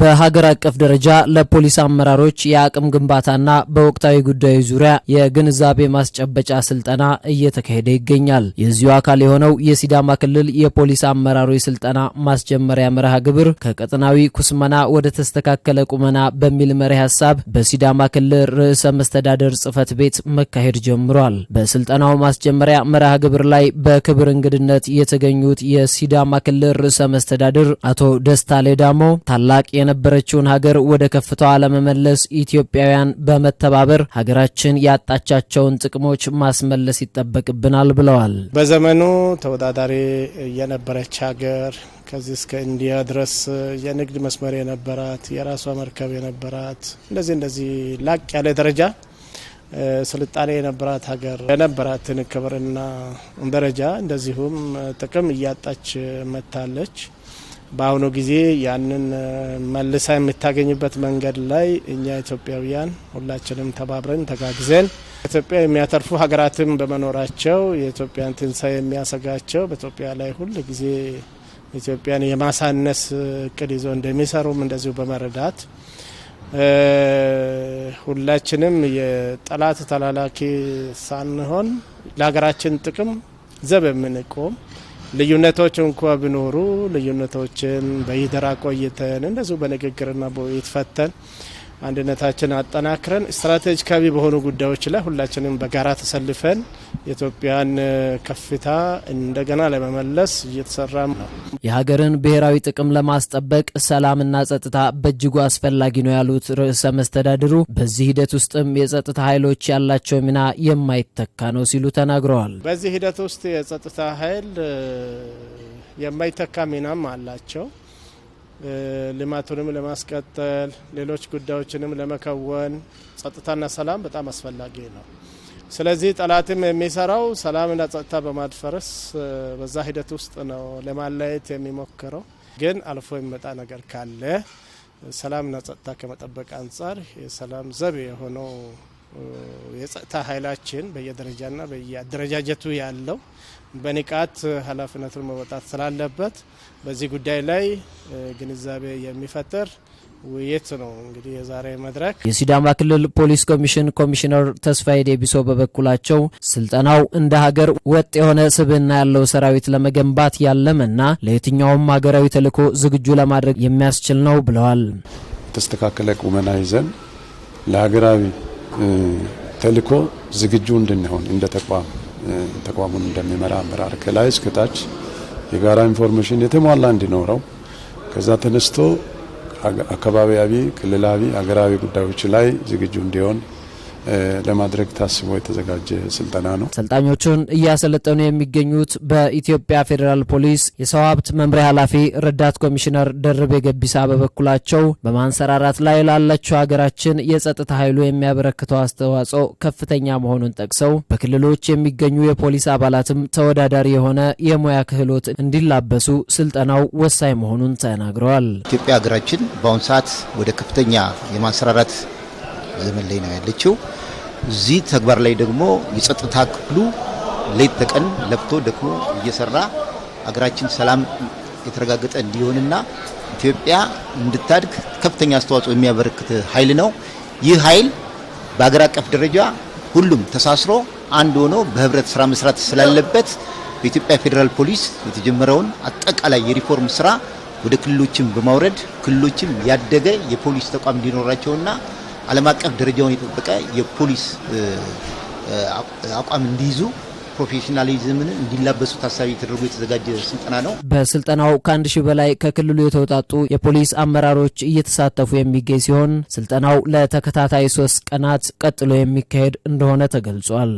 በሀገር አቀፍ ደረጃ ለፖሊስ አመራሮች የአቅም ግንባታና በወቅታዊ ጉዳዮች ዙሪያ የግንዛቤ ማስጨበጫ ስልጠና እየተካሄደ ይገኛል። የዚሁ አካል የሆነው የሲዳማ ክልል የፖሊስ አመራሮች ስልጠና ማስጀመሪያ መርሃ ግብር ከቀጠናዊ ኩስመና ወደ ተስተካከለ ቁመና በሚል መሪ ሀሳብ በሲዳማ ክልል ርዕሰ መስተዳደር ጽህፈት ቤት መካሄድ ጀምሯል። በስልጠናው ማስጀመሪያ መርሃ ግብር ላይ በክብር እንግድነት የተገኙት የሲዳማ ክልል ርዕሰ መስተዳድር አቶ ደስታ ሌዳሞ ታላቅ የነበረችውን ሀገር ወደ ከፍታዋ ለመመለስ ኢትዮጵያውያን በመተባበር ሀገራችን ያጣቻቸውን ጥቅሞች ማስመለስ ይጠበቅብናል ብለዋል። በዘመኑ ተወዳዳሪ የነበረች ሀገር ከዚህ እስከ ኢንዲያ ድረስ የንግድ መስመር የነበራት የራሷ መርከብ የነበራት እንደዚህ እንደዚህ ላቅ ያለ ደረጃ ስልጣኔ የነበራት ሀገር የነበራትን ክብርና ደረጃ እንደዚሁም ጥቅም እያጣች መታለች። በአሁኑ ጊዜ ያንን መልሳ የምታገኝበት መንገድ ላይ እኛ ኢትዮጵያውያን ሁላችንም ተባብረን ተጋግዘን ኢትዮጵያ የሚያተርፉ ሀገራትም በመኖራቸው የኢትዮጵያን ትንሳ የሚያሰጋቸው በኢትዮጵያ ላይ ሁል ጊዜ ኢትዮጵያን የማሳነስ እቅድ ይዞ እንደሚሰሩም እንደዚሁ በመረዳት ሁላችንም የጠላት ተላላኪ ሳንሆን ለሀገራችን ጥቅም ዘብ የምንቆም ልዩነቶች እንኳ ቢኖሩ ልዩነቶችን በይደራ ቆይተን እንደዚሁ በንግግርና በውይይት ፈተን አንድነታችን አጠናክረን ስትራቴጂካዊ በሆኑ ጉዳዮች ላይ ሁላችንም በጋራ ተሰልፈን የኢትዮጵያን ከፍታ እንደገና ለመመለስ እየተሰራም ነው። የሀገርን ብሔራዊ ጥቅም ለማስጠበቅ ሰላምና ጸጥታ በእጅጉ አስፈላጊ ነው ያሉት ርዕሰ መስተዳድሩ በዚህ ሂደት ውስጥም የጸጥታ ኃይሎች ያላቸው ሚና የማይተካ ነው ሲሉ ተናግረዋል። በዚህ ሂደት ውስጥ የጸጥታ ኃይል የማይተካ ሚናም አላቸው። ልማቱንም ለማስቀጠል ሌሎች ጉዳዮችንም ለመከወን ጸጥታና ሰላም በጣም አስፈላጊ ነው። ስለዚህ ጠላትም የሚሰራው ሰላምና ጸጥታ በማድፈረስ በዛ ሂደት ውስጥ ነው ለማለየት የሚሞክረው። ግን አልፎ የሚመጣ ነገር ካለ ሰላምና ጸጥታ ከመጠበቅ አንጻር የሰላም ዘብ የሆነው የጸጥታ ኃይላችን በየደረጃና በየአደረጃጀቱ ያለው በንቃት ኃላፊነቱን መወጣት ስላለበት በዚህ ጉዳይ ላይ ግንዛቤ የሚፈጥር ውይይት ነው እንግዲህ የዛሬ መድረክ። የሲዳማ ክልል ፖሊስ ኮሚሽን ኮሚሽነር ተስፋዬ ዴቢሶ በበኩላቸው ስልጠናው እንደ ሀገር ወጥ የሆነ ስብዕና ያለው ሰራዊት ለመገንባት ያለመና ለየትኛውም ሀገራዊ ተልዕኮ ዝግጁ ለማድረግ የሚያስችል ነው ብለዋል። የተስተካከለ ቁመና ይዘን ለሀገራዊ ተልእኮ ዝግጁ እንድንሆን እንደ ተቋም ተቋሙን እንደሚመራ አመራር ከላይ እስከታች የጋራ ኢንፎርሜሽን የተሟላ እንዲኖረው ከዛ ተነስቶ አካባቢያዊ፣ ክልላዊ፣ ሀገራዊ ጉዳዮች ላይ ዝግጁ እንዲሆን ለማድረግ ታስቦ የተዘጋጀ ስልጠና ነው። ሰልጣኞቹን እያሰለጠኑ የሚገኙት በኢትዮጵያ ፌዴራል ፖሊስ የሰው ሀብት መምሪያ ኃላፊ ረዳት ኮሚሽነር ደርቤ ገቢሳ በበኩላቸው በማንሰራራት ላይ ላለችው ሀገራችን የጸጥታ ኃይሉ የሚያበረክተው አስተዋጽኦ ከፍተኛ መሆኑን ጠቅሰው በክልሎች የሚገኙ የፖሊስ አባላትም ተወዳዳሪ የሆነ የሙያ ክህሎት እንዲላበሱ ስልጠናው ወሳኝ መሆኑን ተናግረዋል። ኢትዮጵያ ሀገራችን በአሁኑ ሰዓት ወደ ከፍተኛ የማንሰራራት ዘመን ላይ ነው ያለችው። እዚህ ተግባር ላይ ደግሞ የጸጥታ ክፍሉ ሌት ተቀን ለፍቶ ደግሞ እየሰራ አገራችን ሰላም የተረጋገጠ እንዲሆንና ኢትዮጵያ እንድታድግ ከፍተኛ አስተዋጽኦ የሚያበረክት ኃይል ነው። ይህ ኃይል በአገር አቀፍ ደረጃ ሁሉም ተሳስሮ አንድ ሆኖ በህብረት ስራ መስራት ስላለበት በኢትዮጵያ ፌዴራል ፖሊስ የተጀመረውን አጠቃላይ የሪፎርም ስራ ወደ ክልሎችም በማውረድ ክልሎችም ያደገ የፖሊስ ተቋም እንዲኖራቸውና ዓለም አቀፍ ደረጃውን የጠበቀ የፖሊስ አቋም እንዲይዙ ፕሮፌሽናሊዝምን እንዲላበሱ ታሳቢ ተደርጎ የተዘጋጀ ስልጠና ነው። በስልጠናው ከአንድ ሺህ በላይ ከክልሉ የተውጣጡ የፖሊስ አመራሮች እየተሳተፉ የሚገኝ ሲሆን ስልጠናው ለተከታታይ ሶስት ቀናት ቀጥሎ የሚካሄድ እንደሆነ ተገልጿል።